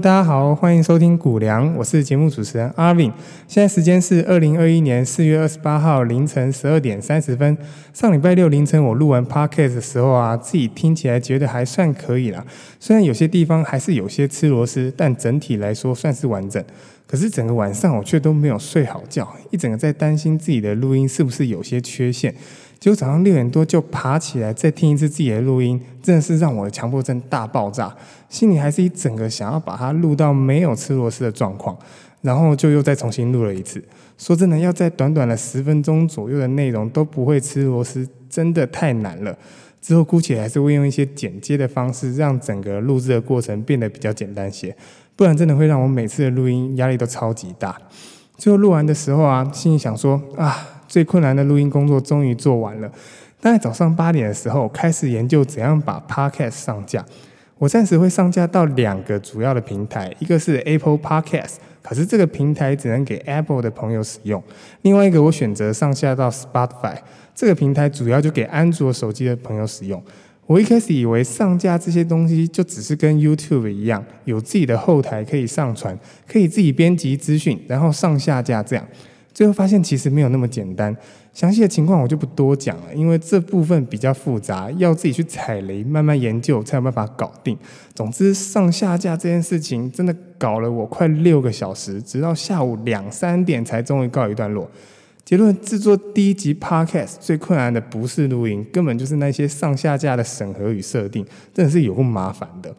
大家好，歡迎收聽《股量》。我是節目主持人阿 Vin。現在時間是二零二一年四月二十八號凌晨十二點三十分。上禮拜六凌晨我錄完 Podcast 的時候啊，自己聽起來覺得還算可以啦，雖然有些地方還是有些吃螺絲，但整體來說算是完整。可是整個晚上我卻都沒有睡好覺，一整個在擔心自己的錄音是不是有些缺陷。結果早上六點多就爬起來再聽一次自己的錄音，真的是讓我的強迫症大爆炸，心裡還是一整個想要把它錄到沒有吃螺絲的狀況，然後就又再重新錄了一次。說真的，要在短短的十分鐘左右的內容都不會吃螺絲，真的太難了。之後姑且還是會用一些剪接的方式，讓整個錄製的過程變得比較簡單些，不然真的會讓我每次的錄音壓力都超級大。最後錄完的時候啊，心裡想說啊，最困難的錄音工作終於做完了。大概早上八點的時候，開始研究怎樣把 Podcast 上架。我暫時會上架到兩個主要的平台，一個是 Apple Podcast，可是這個平台只能給 Apple 的朋友使用；另外一個我選擇上下到 Spotify，這個平台主要就給安卓手機的朋友使用。我一開始以為上架這些東西就只是跟 YouTube 一樣，有自己的後台可以上傳，可以自己編輯資訊，然後上下架這樣。最後發現其實沒有那麼簡單，詳細的情況我就不多講了，因為這部分比較複雜，要自己去踩雷，慢慢研究才有辦法搞定。總之，上下架這件事情真的搞了我快六個小時，直到下午兩三點才終於告一段落。結論：製作第一集 Podcast 最困難的不是錄音，根本就是那些上下架的審核與設定，真的是有夠麻煩的。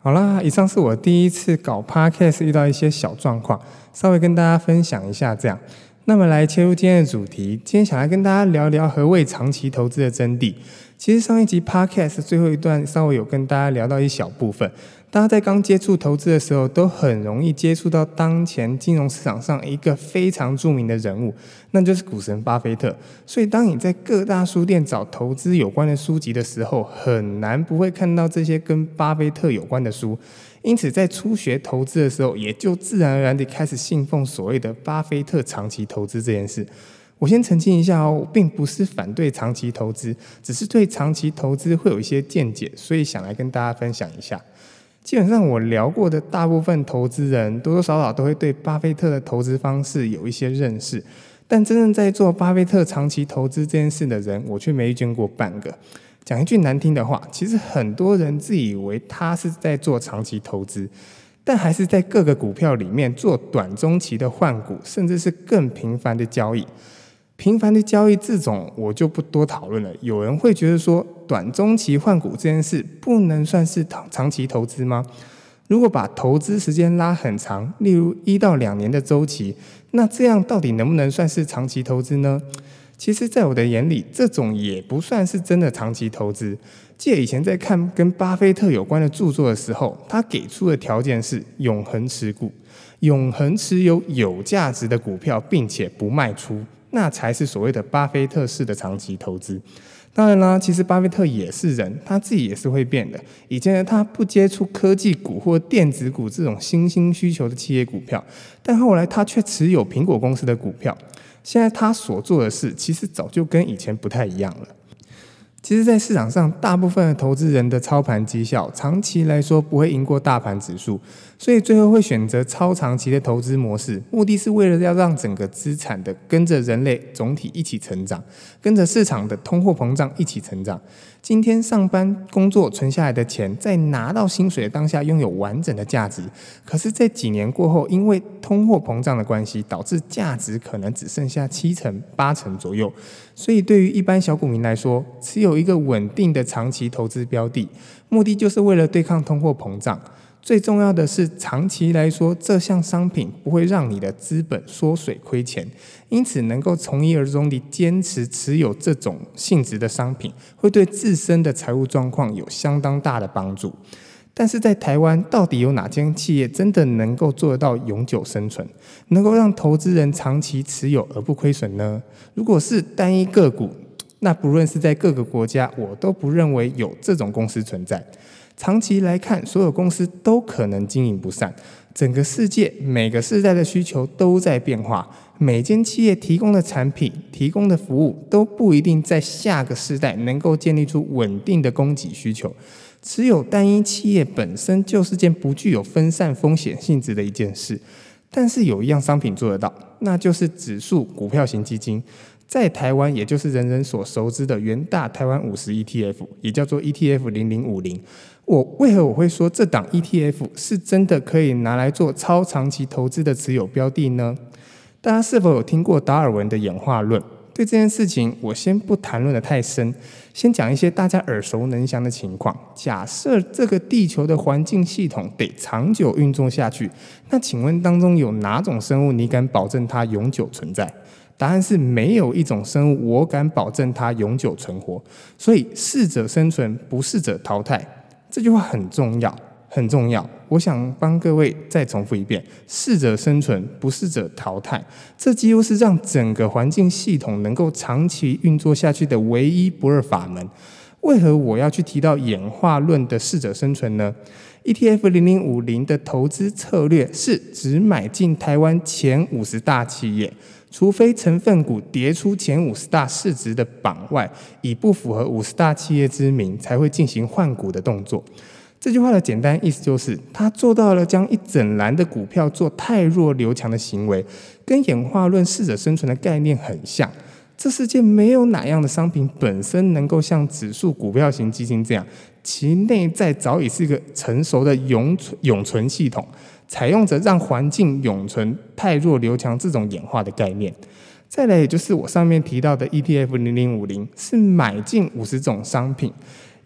好啦，以上是我第一次搞 Podcast 遇到一些小狀況，稍微跟大家分享一下這樣。那麼來切入今天的主題，今天想來跟大家聊聊何謂長期投資的真諦。其實上一集 Podcast 最後一段稍微有跟大家聊到一小部分。大家在剛接觸投資的時候，都很容易接觸到當前金融市場上一個非常著名的人物，那就是股神巴菲特。所以，當你在各大書店找投資有關的書籍的時候，很難不會看到這些跟巴菲特有關的書。因此，在初學投資的時候，也就自然而然地開始信奉所謂的巴菲特長期投資這件事。我先澄清一下哦，並不是反對長期投資，只是對長期投資會有一些見解，所以想來跟大家分享一下。基本上我聊過的大部分投資人，多多少少都會對巴菲特的投資方式有一些認識。但真正在做巴菲特長期投資這件事的人，我卻沒遇見過半個。講一句難聽的話，其實很多人自以為他是在做長期投資，但還是在各個股票裡面做短中期的換股，甚至是更頻繁的交易。頻繁的交易這種我就不多討論了。有人會覺得說，短中期換股這件事不能算是長期投資嗎？如果把投資時間拉很長，例如一到兩年的周期，那這樣到底能不能算是長期投資呢？其實，在我的眼裡，這種也不算是真的長期投資。記得以前在看跟巴菲特有關的著作的時候，他給出的條件是永恆持股，永恆持有有價值的股票，並且不賣出。那才是所謂的巴菲特式的長期投資。當然啦，其實巴菲特也是人，他自己也是會變的。以前他不接觸科技股或電子股這種新興需求的企業股票，但後來他卻持有蘋果公司的股票。現在他所做的事，其實早就跟以前不太一樣了。其實，在市場上，大部分的投資人的操盤績效，長期來說不會贏過大盤指數。所以最後會選擇超長期的投資模式，目的是為了要讓整個資產的跟着人類總體一起成長，跟着市場的通貨膨脹一起成長。今天上班工作存下來的錢，在拿到薪水的當下擁有完整的價值，可是這幾年過後，因為通貨膨脹的關係，導致價值可能只剩下七成、八成左右。所以對於一般小股民來說，持有一個穩定的長期投資標的，目的就是為了對抗通貨膨脹。最重要的是，長期來說，這項商品不會讓你的資本縮水虧錢，因此能夠從一而終地堅持持有這種性質的商品，會對自身的財務狀況有相當大的幫助。但是在台灣，到底有哪間企業真的能夠做得到永久生存，能夠讓投資人長期持有而不虧損呢？如果是單一個股，那不論是在各個國家，我都不認為有這種公司存在。長期來看，所有公司都可能經營不善。整個世界每個世代的需求都在變化，每間企業提供的產品、提供的服務都不一定在下個世代能夠建立出穩定的供給需求。持有單一企業本身就是件不具有分散風險性質的一件事。但是有一樣商品做得到，那就是指數股票型基金，在台灣也就是人人所熟知的元大台灣五十 ETF，也叫做 ETF 零零五零。我，為何我會說這檔 ETF 是真的可以拿來做超長期投資的持有標的呢？大家是否有聽過達爾文的演化論？對這件事情，我先不談論得太深，先講一些大家耳熟能詳的情況。假設這個地球的環境系統得長久運作下去，那請問當中有哪種生物你敢保證它永久存在？答案是沒有一種生物我敢保證它永久存活。所以適者生存，不適者淘汰，這句話很重要，很重要。我想幫各位再重複一遍適者生存，不適者淘汰。這幾乎是讓整個環境系統能夠長期運作下去的唯一不二法門。為何我要去提到演化論的適者生存呢？ETF 零零五零的投資策略是只買進台灣前五十大企業，除非成分股跌出前五十大市值的榜外，以不符合五十大企業之名，才會進行換股的動作。這句話的簡單意思就是，他做到了將一整籃的股票做汰弱留強的行為，跟演化論適者生存的概念很像。這世界沒有哪樣的商品本身能夠像指數股票型基金這樣，其內在早已是一個成熟的永存永存系統，採用着讓環境永存汰弱留強這種演化的概念。再來，也就是我上面提到的 ETF 零零五零，是買進五十種商品。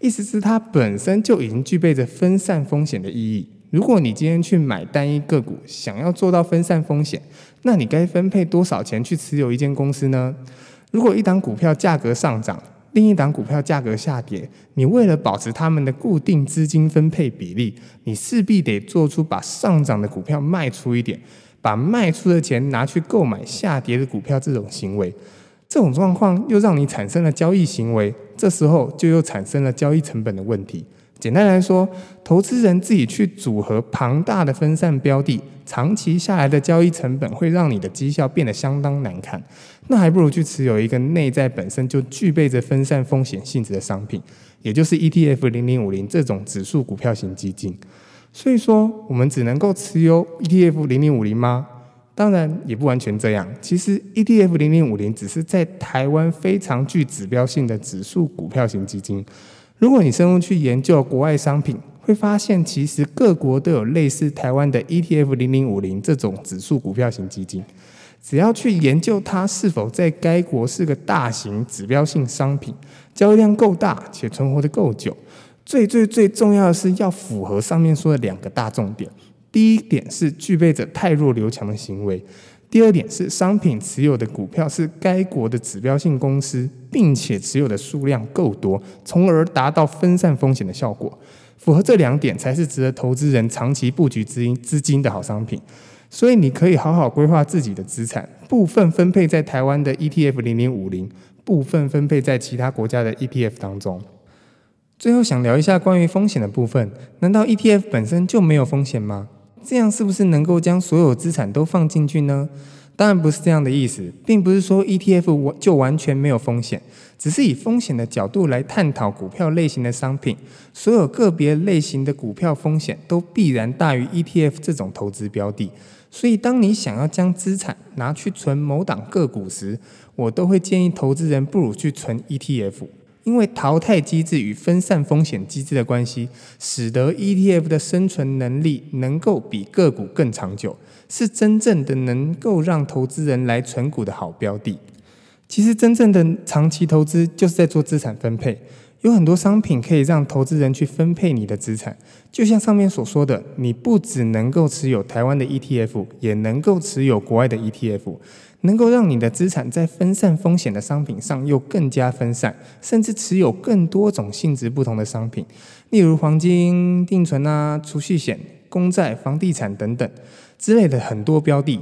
意思是它本身就已經具備着分散風險的意義。如果你今天去買單一個股，想要做到分散風險，那你該分配多少錢去持有一間公司呢？如果一檔股票價格上漲，另一檔股票價格下跌，你為了保持他們的固定資金分配比例，你勢必得做出把上漲的股票賣出一點，把賣出的錢拿去購買下跌的股票這種行為。這種狀況又讓你產生了交易行為，這時候就又產生了交易成本的問題。簡單來說，投資人自己去組合龐大的分散標的，長期下來的交易成本會讓你的績效變得相當難看。那還不如去持有一個內在本身就具備着分散風險性質的商品，也就是 ETF 零零五零這種指數股票型基金。所以說，我們只能夠持有 ETF 零零五零嗎？當然也不完全這樣。其實 E T F 零零五零只是在台灣非常具指標性的指數股票型基金。如果你深入去研究國外商品，會發現其實各國都有類似台灣的 E T F 零零五零這種指數股票型基金。只要去研究它是否在該國是個大型指標性商品，交易量夠大且存活得夠久，最最最重要的是要符合上面說的兩個大重點。第一點是具備着汰弱留強的行為，第二點是商品持有的股票是該國的指標性公司，並且持有的數量夠多，從而達到分散風險的效果。符合這兩點才是值得投資人長期布局資金資金的好商品。所以你可以好好規劃自己的資產，部分分配在台灣的 ETF 零零五零，部分分配在其他國家的 ETF 當中。最後想聊一下關於風險的部分，難道 ETF 本身就沒有風險嗎？這樣是不是能夠將所有資產都放進去呢？當然不是這樣的意思，並不是說 ETF 就完全沒有風險，只是以風險的角度來探討股票類型的商品，所有個別類型的股票風險都必然大於 ETF 這種投資標的。所以，當你想要將資產拿去存某檔個股時，我都會建議投資人不如去存 ETF。因為淘汰機制與分散風險機制的關係，使得 ETF 的生存能力能夠比個股更長久，是真正的能夠讓投資人來存股的好標的。其實真正的長期投資就是在做資產分配，有很多商品可以讓投資人去分配你的資產。就像上面所說的，你不只能夠持有台灣的 ETF，也能夠持有國外的 ETF。能夠讓你的資產在分散風險的商品上又更加分散，甚至持有更多種性質不同的商品，例如黃金、定存啊、儲蓄險、公債、房地產等等之類的很多標的。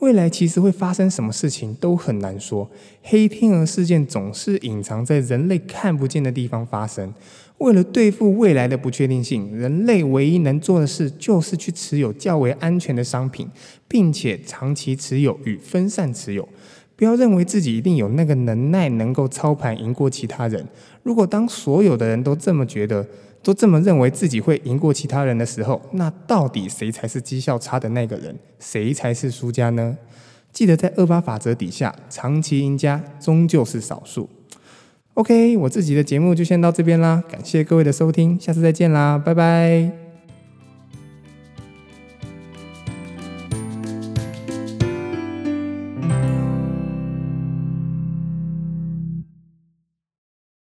未來其實會發生什麼事情都很難說，黑天鵝事件總是隱藏在人類看不見的地方發生。為了對付未來的不確定性，人類唯一能做的事就是去持有較為安全的商品，並且長期持有與分散持有。不要認為自己一定有那個能耐能夠操盤贏過其他人。如果當所有的人都這麼覺得，都這麼認為自己會贏過其他人的時候，那到底誰才是績效差的那個人？誰才是輸家呢？記得在二八法則底下，長期贏家終究是少數。OK，我自己的節目就先到這邊啦，感謝各位的收聽，下次再見啦，拜拜。